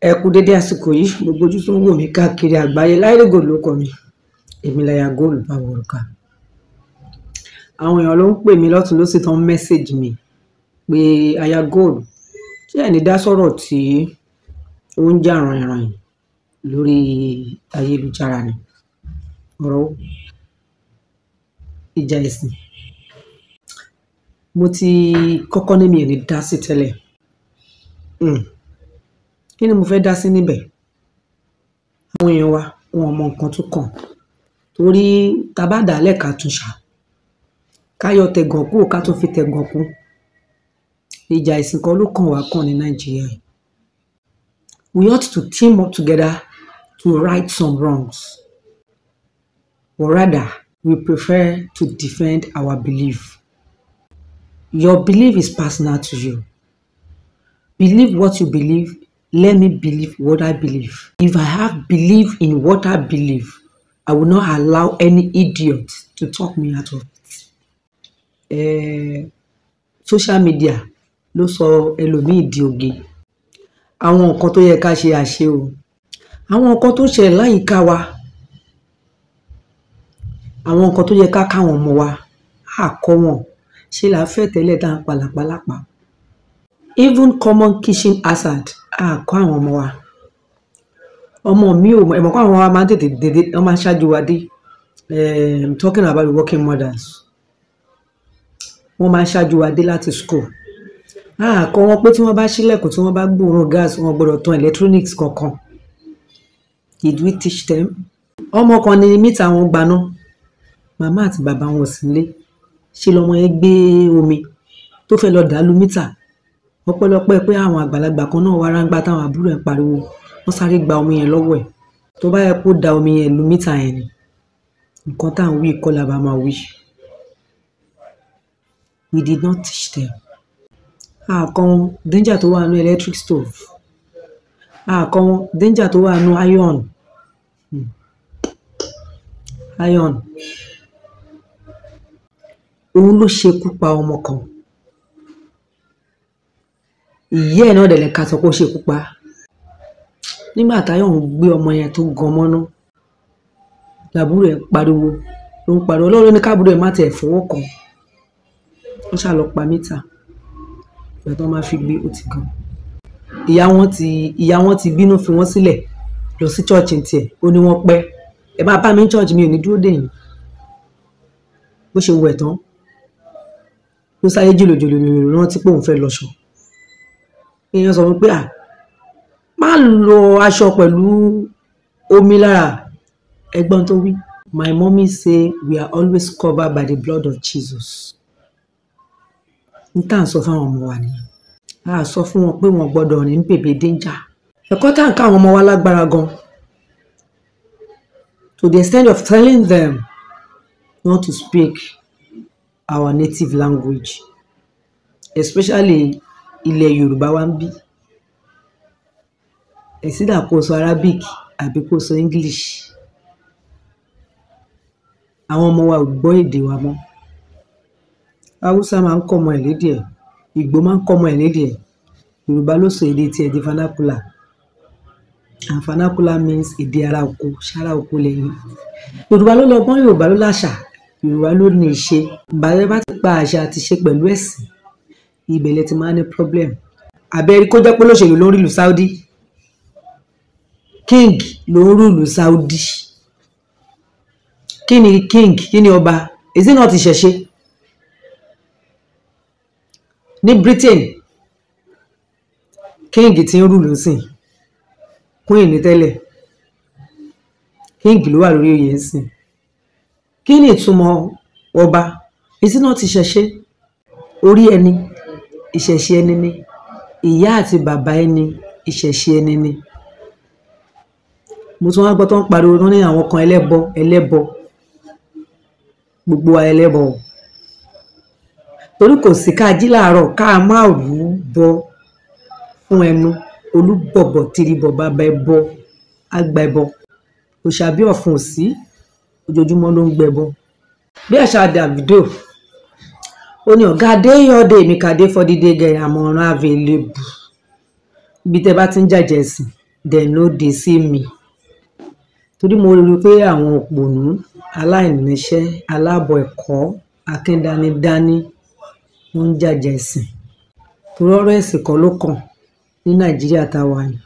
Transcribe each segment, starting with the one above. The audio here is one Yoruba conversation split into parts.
ẹ kú dédé àsìkò yìí gbogbo ojú tó ń wò mí káàkiri àgbáyé Láídé Gold ló kọ mi èmi láyà góòlù bá wòrùka àwọn èèyàn ló ń pè mí lọ́tún lọ́sì tán mẹ́sẹ̀gì mi pé aya góòlù tí ẹni dá sọ̀rọ̀ tí ó ń jà ràn-ìràn lórí ayélujára ni ọ̀rọ̀ ìjà ẹ̀sìn mo ti kọ́kọ́ ní mi ò ní dá sí tẹ́lẹ̀. Hmm kí ni mo fẹ́ dá sí níbẹ̀ àwọn èèyàn wa wọn mọ nǹkan tó kàn torí tá a tún ṣá ká yọ kú ká tún fi tẹ̀gàn kú ìjà ìsìn kan ló kàn wá kàn ní nàìjíríà we ought to team up together to right some wrongs or rather we prefer to defend our belief your belief is personal to you believe what you believe let me believe what I believe. If I have belief in what I believe, I will not allow any idiot to talk me out of it. Uh, social media ló sọ ẹlòmíì di oge àwọn nǹkan tó yẹ ká ṣe àṣe o àwọn nǹkan tó ṣẹlẹ̀ láyìíká wa àwọn nǹkan tó yẹ ká káwọn ọmọ wa á kọ́ wọn ṣe là fẹ́ tẹ́lẹ̀ dá ń even common kitchen hazard àkọ́ àwọn ọmọ wa ọmọ mi ò ẹ̀mọ̀ kó àwọn ọmọ wa máa ń tètè dédé wọ́n máa ń ṣáájú wa dé um, talking about working mothers wọ́n máa ń ṣáájú wa dé láti school àkọ́ wọn pé tí wọ́n bá ṣílẹ̀kùn tí wọ́n bá gbóòórùn gas wọn gbọ́dọ̀ tan electronics kankan did we teach them ọmọ kan ní mítà wọn gbaná màmá àti bàbá wọn ò sí nílé ṣe lọmọ yẹn gbé omi tó fẹ́ lọ dàálù mítà ọpẹ́lọpẹ́ pé àwọn àgbàlagbà kan náà wá ráńgbá táwọn àbúrò ẹ̀ pariwo wọ́n sáré gba omi yẹn lọ́wọ́ ẹ̀ tó bá yẹ kó da omi yẹn lu mítà yẹn ni nǹkan tá à ń wí kọ́ bá máa wí. we did not teach them. àkàn danger tó wà nínú electric stove àkàn danger tó wà nínú iron hmm. iron òun ló ṣekú pa ọmọ kan ìyá ẹ̀ náà dẹ̀lẹ̀ ká sọ pé ó ṣekú pa nígbà táyọ̀ ń gbé ọmọ yẹn tó gan mọ́ná làbúrò ẹ̀ pariwo ló ń pariwo ọlọ́run ní káàbúrò ẹ̀ má tẹ̀ fọwọ́ kan ó ṣàlọ pa mítà ìgbà tó máa fi gbé ó ti gan ìyá wọn ti ìyá wọn ti bínú fi wọn sílẹ̀ lọ sí church tiẹ̀ ó ní wọ́n pẹ́ ẹ bá bá mi ní church mi ò ní dúró dè yín bó ṣe wù ẹ̀ tán ló sáyé jòlòjòlò rántí pé òun fẹ́ lọ ṣọ̀ọ́ èèyàn sọ wípé à má lo aṣọ pẹ̀lú omi lára ẹ̀gbọ́n tó wí my mommy say we are always covered by the blood of Jesus n tá à ń sọ fáwọn ọmọ wa nìyẹn a sọ fún wọn pé wọn gbọ́dọ̀ ní bèbè dénjà ẹ̀kọ́ tá à ń ká àwọn ọmọ wa lágbára gan to the extent of telling them not to speak our native language especially ilẹ̀ Yorùbá wa ńbí it's either kó o sọ Arabic àbí kó o sọ English àwọn ọmọ wa ò gbọ́ èdè wa mọ́ Haúsá máa ń kọ́ ọmọ ẹ̀ lédè ẹ̀ Ìgbò máa ń kọ́ ọmọ ẹ̀ lédè ẹ̀ Yorùbá ló sọ èdè tiẹ̀ di vernacular and vernacular means èdè ara oko sára oko lẹ́yìn Yorùbá ló lọ́gbọ́n Yorùbá ló láṣà Yorùbá ló ní ìṣe bàbá bá ti pa àṣà àti ìṣe pẹ̀lú ẹ̀sìn ibẹ̀ lẹ ti máa ń ní problem àbẹ̀rí kó jẹ́ pé olóṣèlú ló ń rí Saudi king ló ń rí Saudi kí ni king kí ni ọba èsì náà ti ṣẹ̀ṣe ní Britain king ti ń rú ìlú sìn queen ní tẹ́lẹ̀ king ló wà lórí oyè ń sìn kí ni ìtumọ̀ ọba èsì náà ti ṣẹ̀ṣe orí ẹni ìṣẹ̀ṣe ẹni ni ìyá àti bàbá ẹni ìṣẹ̀ṣe ẹni ni mo tún wá gbọ́ tó ń pariwo tó ní àwọn kan ẹlẹ́bọ ẹlẹ́bọ gbogbo wa ẹlẹ́bọ torí kò sí ká jí làárọ̀ ká má rú bọ fún ẹnu olúbọ̀bọ̀ tìrìbọ̀ bàbá ẹbọ àgbà ẹbọ òṣàbí ọ̀fun ò sí ojoojúmọ́ ló ń gbẹbọ bí àṣà Davido ó ní ọ̀gá dé ọ̀dẹ mi kàdé fọdídé gẹ̀rẹ́ àmọ̀ràn available ibi tẹ́ bá ti ń jàjẹ́ sí then no dey see me torí mo rí pé àwọn òpònú aláìníṣẹ́ aláàbọ̀ ẹ̀kọ́ akíndanidání ló ń jàjẹ́ ẹ̀sìn torí ọ̀rọ̀ ẹ̀sìn kan ló kàn ní nàìjíríà táwa yìí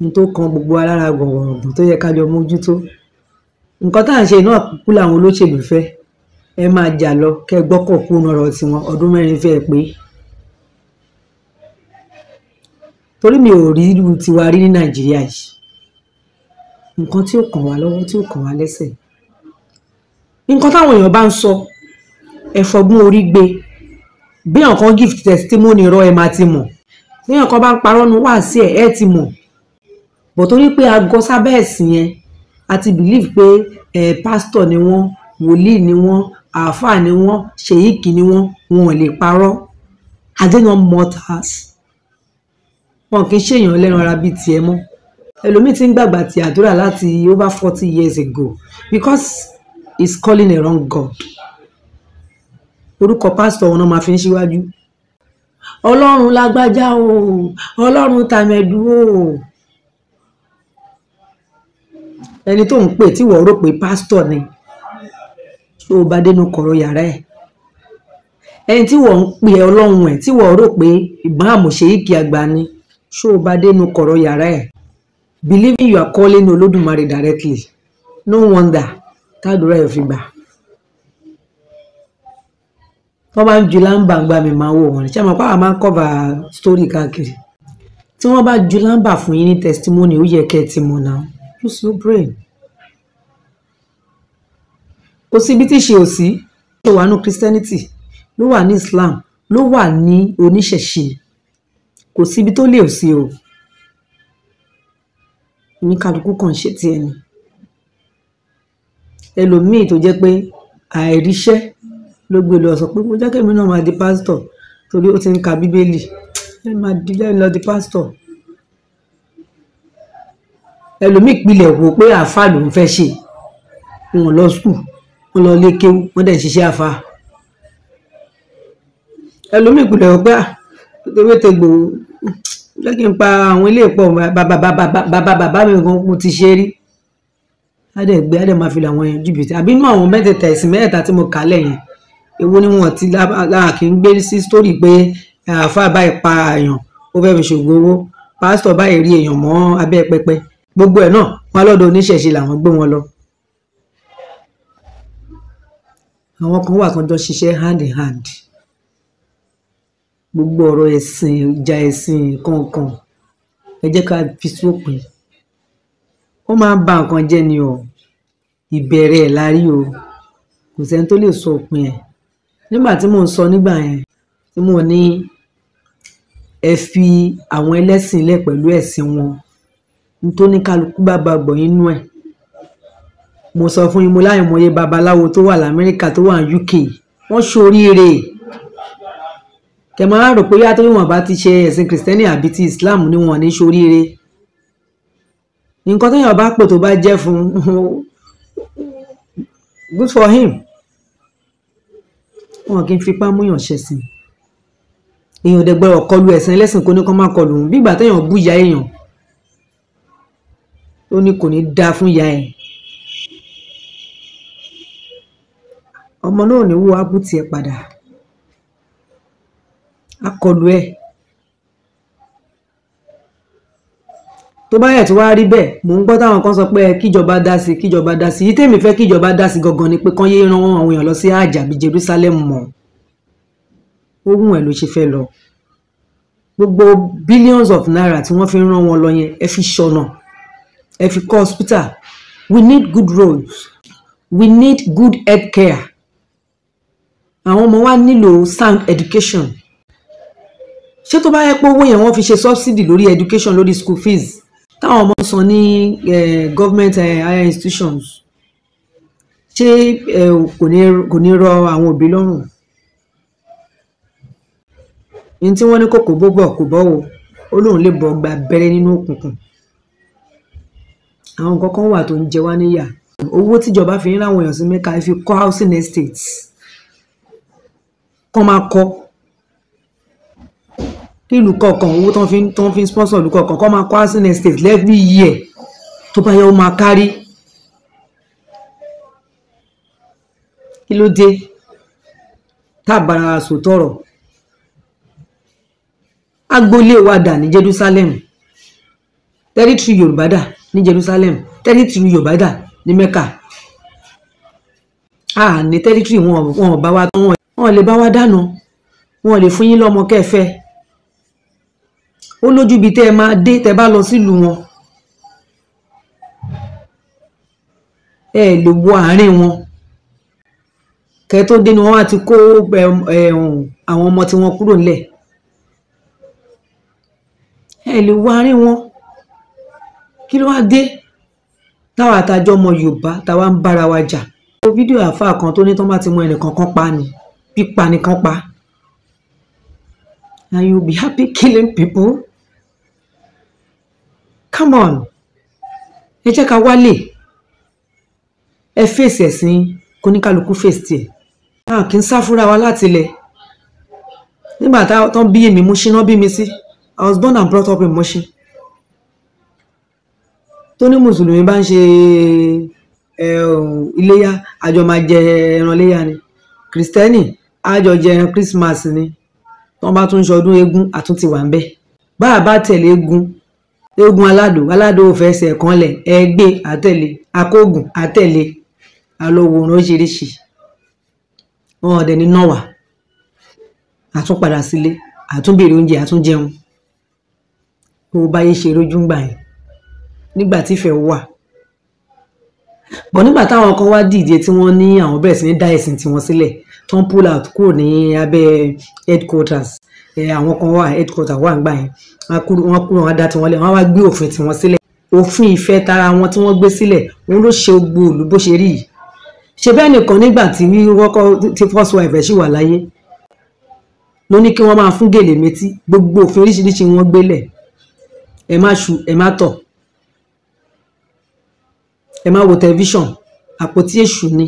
ní tó kan gbogbo alára gbọ̀ngbọ̀ngbọ̀n tó yẹ ká jọ mójútó nǹkan tá à ń ṣe náà kúkú làwọn olóṣèlú fẹ́ ẹ máa jà lọ kẹ́ ẹ gbọ́kọ̀ kú nọ̀rọ̀ tiwọn ọdún mẹ́rin fẹ́ẹ́ pé torí mi ò rí irú tiwa rí ní nàìjíríà yìí nǹkan tí ó kàn wá lọ́wọ́ tí ó kàn wá lẹ́sẹ̀ nǹkan táwọn èèyàn bá ń sọ ẹ fọgbọ́n orí gbé bí nǹkan gift testimony rọ ẹ máa ti mọ̀ bí nǹkan bá ń parọ́ nu wá sí ẹ ẹ ti mọ̀ bọ̀ torí pé aago sábẹ́ ẹ̀sìn yẹn a believe pé ẹ pásítọ̀ ni wọ́n wòlíì ni wọ́n àáfàá ni wọ́n ṣèyíkì ni wọ́n wọn ò lè parọ́ adéná mortars wọn kì í ṣèyàn lẹ́ran ara bíi tiẹ̀ mọ́ ẹlòmíì ti ń gbàgbà ti àdúrà láti over forty years ago because he's calling a wrong god orúkọ pásítọ̀ wọn náà máa fi ń ṣíwájú ọlọ́run lágbájá o ọlọ́run tàmẹ̀dù o ẹni tó ń pè tí wọ́n rò pé pásítọ̀ ni tó o bá dénú kọ̀rọ̀ yàrá ẹ̀ ẹni tí wọ́n ń pè ẹ́ ọlọ́run ẹ̀ tí wọ́n rò pé ìbọn àmọ̀ṣe ìkì àgbà ni ṣó o bá dénú kọ̀rọ̀ yàrá ẹ̀ believing you are calling olódùmarè directly no wonder tádùrà ẹ̀ fi gbà wọ́n bá ń ju láǹbà gba mi máa wò wọ́n ṣé àwọn pàwọn máa ń kọ́ba story káàkiri tí wọ́n bá ju láǹbà fún yín ní testimony ó yẹ kẹ́ ẹ ti mọ̀ náà use your brain kò sí ibi tí ṣe ò sí ló wà ní christianity ló wà ní islam ló wà ní oníṣẹ̀ṣe kò sí ibi tó lè ò sí o ní kálukú kan ṣe ti ẹni ẹlòmíì tó jẹ́ pé àìríṣẹ́ ló gbé lọ sọ pé mo jẹ́ kémi náà máa di pásítọ̀ torí ó ti ń ka bíbélì ẹ máa di lẹ́yìn lọ di pásítọ̀ ẹlòmíì pilẹ̀ wò pé àáfàá lòún fẹ́ ṣe wọn lọ sùkúù wọ́n lọ lé kéwú wọ́n dẹ̀ ṣiṣẹ́ àfa ẹlòmíì kùdà ọgbà torí ó ti gbòòrò jẹ́ kí n pa àwọn ilé ìpọ̀ bàbá bàbá mi gan mo ti ṣe rí adẹ̀gbẹ́ adẹ̀ máa fi làwọn èèyàn jìbìtì àbí inú àwọn mẹ́tẹ̀ẹ̀ta ẹ̀sìn mẹ́tẹ̀ẹ̀ta tí mo kà lẹ́yìn ewu ni wọn ti láà kí n gbé sí sítórì pé àáfàá báyìí pa èèyàn ó fẹ́ fi ṣògùn owó pásítọ̀ báyìí rí èèyàn mọ́ abẹ́ pẹpẹ gbogbo ẹ̀ náà wọn lọ́dọ̀ oníṣẹ̀ṣe làwọn gbé wọn lọ àwọn kan wà kan jọ ṣiṣẹ́ hand in hand gbogbo ọ̀rọ̀ ẹ̀sìn ìjà ẹ̀sìn kankan ẹ jẹ́ ká fi sópin ó máa ń ba nǹkan jẹ́ ni o ìbẹ̀rẹ̀ ẹ̀ la o kò sẹ́ni tó lè sọ òpin ẹ̀ nígbà tí mò ń sọ nígbà yẹn tí mò ní ẹ fi àwọn ẹlẹ́sìn lẹ̀ pẹ̀lú ẹ̀sìn wọn n tó ní kálukú bá ba gbọ̀ yín nú ẹ̀ mo sọ fún yín mo láìmọye babaláwo tó wà lamẹ́ríkà tó wà ní UK wọ́n ṣoríire kẹmọ́ra rò pé yàtọ̀ ìwọ̀n bá ti ṣe ẹ̀sìn kìrìsìtẹ́nì àbí ti Islam ni wọ́n ní ṣoríire nǹkan téèyàn bá pò tó bá jẹ́ fún good for him wọn kì í fipá múyàn ṣẹ̀sìn èèyàn dẹ̀ gbọ́dọ̀ kọlu ẹ̀sìn ẹlẹ́sìn kò ní kó má kọlu òun bí ìgbà téèyàn bú ìyá èèyàn ó ní kò ní dáa fún ìyá ẹ̀ ọmọ náà ní wo abú tiẹ̀ padà akọlù ẹ̀ tó bá yẹ tí wàá rí bẹ́ẹ̀ mò ń gbọ́ táwọn kan sọ pé kíjọba dá sí kíjọba dá sí yìí tèmi fẹ́ kíjọba dá sí gangan ni pé kán yé ran àwọn èèyàn lọ sí àjàbí Jerusalem mọ́ ogun ẹ̀ ló ṣe fẹ́ lọ gbogbo billions of naira tí wọ́n fi ń rán wọn lọ yẹn ẹ fi ṣọ̀nà ẹ fi kọ́ hospital we need good roads we need good health care àwọn ọmọ wa nílò sound education ṣé tó bá yẹ pé owó yẹn wọ́n fi ṣe subsidy lórí education lórí school fees táwọn ọmọ san ní government higher institutions ṣé kò ní rọ àwọn òbí lọ́rùn ní tí wọ́n ní kò kò bó bọ̀ kò bọ́ o ó lóun lè bọ̀ gba abẹ́rẹ́ nínú òkùnkùn àwọn nǹkan kan wà tó ń jẹ wá níyà owó tíjọba fi ń ráwọn èèyàn sí mẹ́ka fi kọ́ housing estates kán máa kọ nílùú kọ̀ọ̀kan owó tán fi tán fi sponsor ìlú kọ̀ọ̀kan kán máa kọ Arsenal estate every year tó bá yẹ ó máa kárí kí ló dé tábàrà sòtọ̀rọ̀ agboolé wa dà ní Jerusalem tẹ́rítírì Yorùbá dà ní Jerusalem tẹ́rítírì Yorùbá dà ní Mẹ́kà a ní tẹ́rítírì wọn ò bá wa tán wọn wọn lè bá wa dáná wọn lè fún yín lọ́mọ kẹfẹ́ ó lójú ibi tẹ́ ẹ máa dé tẹ́ bá lọ sílùú wọn ẹ lè wọ àárín wọn kẹ tó dé ni wọn á ti kó àwọn ọmọ tí wọn kúrò nílẹ̀ ẹ lè wọ àárín wọn kí ló wá dé táwa àtàjọ ọmọ Yorùbá táwa ń bára wa jà. fídíò àáfàá kan tó ní tán bá ti mú ẹnìkan kan pa ni pípa nìkan pa and you be happy killing people come on ẹ jẹ́ ká wálé ẹ fèsì ẹ̀sìn kóníkálukú fèsì tiẹ̀ náà kí n sá fúnra wa láti ilẹ̀ nígbà tán bí èmi Mushin náà bí mi sí I was born and brought up in Mushin tó ní mùsùlùmí bá ń ṣe eh, iléyà àjọ máa jẹ ẹran iléyà ni kìrìsìtẹ́nì àjọ jẹran Christmas ni tọ́n bá tún ṣọdún eégún àtúntì wà ń bẹ̀ bá a bá tẹ̀lé eégún eégún aládò aládò òfẹsẹ̀ kanlẹ̀ ẹgbẹ́ àtẹ̀lé akóògùn àtẹ̀lé alówòrán oríṣiríṣi wọn ọdẹ ní nọwà àtúnpadà sílé àtúnbèrè oúnjẹ àtúnjẹun bó báyé ṣe rójú ń gbà yẹn nígbà tífẹ̀ wà bọ̀ nígbà táwọn kan wá dìde tí wọ́n ní àwọn bẹ̀rẹ̀ sí ní dá ẹ̀sìn tiwọn sílẹ̀ tó ń pull out kúrò ní abẹ́ headquarters àwọn kan wà headquarters wà ń gbà yẹn wọ́n kúrò wọ́n dá tiwọn lẹ̀ wọ́n wá gbé òfin tiwọn sílẹ̀ òfin ìfẹ́ tara wọn tí wọ́n gbé sílẹ̀ wọ́n ló ṣe gbogbo òlù bó ṣe rí yìí ṣe bẹ́ẹ̀ nìkan nígbà tí wọ́kọ́ ti first wife rẹ̀ ṣì wà láyé ló ní kí wọ́n máa fún gèlè métí gbogbo òfin oríṣiríṣi wọn gbélẹ̀ ẹ má ṣu ẹ má tọ̀ ẹ má wo tẹlifíṣàn àpótí èṣù ni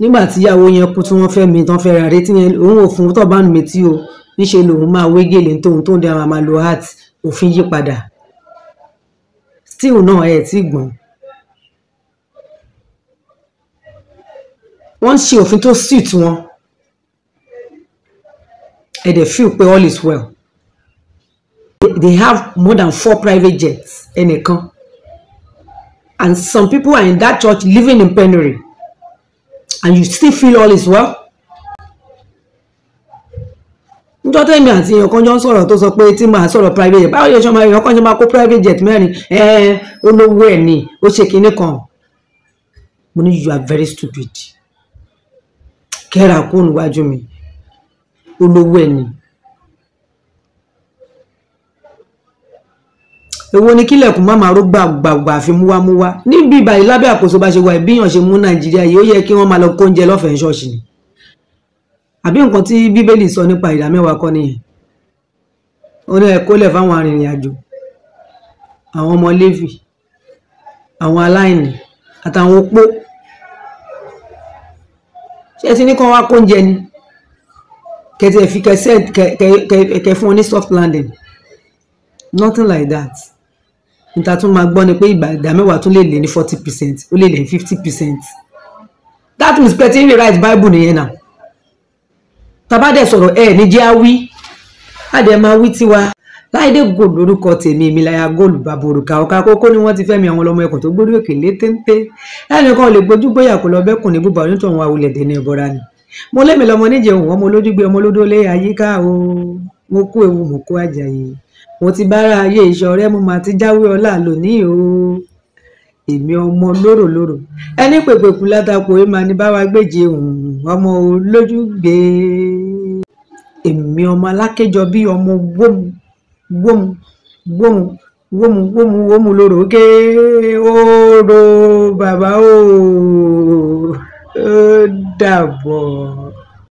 nígbà tí ìyàwó yẹn kú tí wọ́n fẹ́ mi tán fẹ́ ra rẹ tí òun ò fún tó bá ń mi tí o níṣe lòun máa wé gèlè tóun tóun dẹ àwọn máa lo òfin yí padà still náà ẹ ti gbọ́n wọ́n ń ṣe òfin tó suit wọn ẹ dẹ̀ feel pé all is well they have more than four private jets ẹnìkan and some people are in that church living in penury and you still feel all is well. níjọ́ tẹ́mi àti èèyàn kan jọ ń sọ̀rọ̀ tó sọ pé tí màá sọ̀rọ̀ private jet báwo yẹ ṣọmọ èèyàn kan jọ máa kó private jet mẹ́rin ẹ̀ẹ́n olówó ẹ̀ ni ó ṣe kinní kan mo ní you are very stupid kẹ́ra kó níwájú mi olówó ẹ̀ ni èwo ni kílẹ̀kùn má máa ró gbàgbàgbà fi mú wá mú wá níbi ìbàyí lábẹ́ àkóso bá ṣe wà ìbíyàn ṣe mú nàìjíríà yìí ó yẹ kí wọ́n máa lọ kó oúnjẹ lọ́fẹ̀ẹ́ ṣọ́ọ̀ṣì ni àbí nǹkan tí bíbélì sọ nípa ìdá mẹ́wàá kọ́ nìyẹn ó ní ẹ̀kọ́ lẹ̀ fáwọn arìnrìn àjò àwọn ọmọ léfì àwọn aláìní àtàwọn opó ṣé ti ní kán wá kó oúnjẹ ni kẹtẹ fi kẹsẹ kẹ kẹ kẹ fún ọ ní soft landing nothing like that níta tún máa gbọ́ ni pé ìgbà ìdá mẹ́wàá tún lè lé ní forty percent ó lè lé ní fifty percent that means pé tí ń rewrite bible nìyẹn náà tàbá dẹ̀ sọ̀rọ̀ ẹ̀ ní jẹ́ àwí àdẹ̀ máa wí tiwa láìdé gold lórúkọ tèmi ìmìláyà gold bàbòrùkà ọ̀ka kókó ni wọ́n ti fẹ́mi àwọn ọlọ́mọ ẹ̀kọ́ tó gbórí òkè létéńté ẹnìkan ò lè gbójú bóyá kó lọ bẹ́kùn ní búba onítọ̀hún àwòlẹ̀dẹ̀ ní ẹ̀bọ̀ra ni mo lémi lọmọ níjẹun ọmọ olójúgbé ọmọ olódó lé àyíká o mo kó ewu mo kó àjàyè mo ti bára ayé ìṣọ̀rẹ́ mo mà ti jáwé ọlá lónìí o èmi ọmọ lóròlórò ẹni pèpèkù látàkùn èèmà ni báwa gbèjì òun ọmọ olójúgbé èmi ọmọ alákéjọ bí ọmọ wómù wómù wómù wómù wómù wómù lóró ké oró bàbá ó dàbọ̀.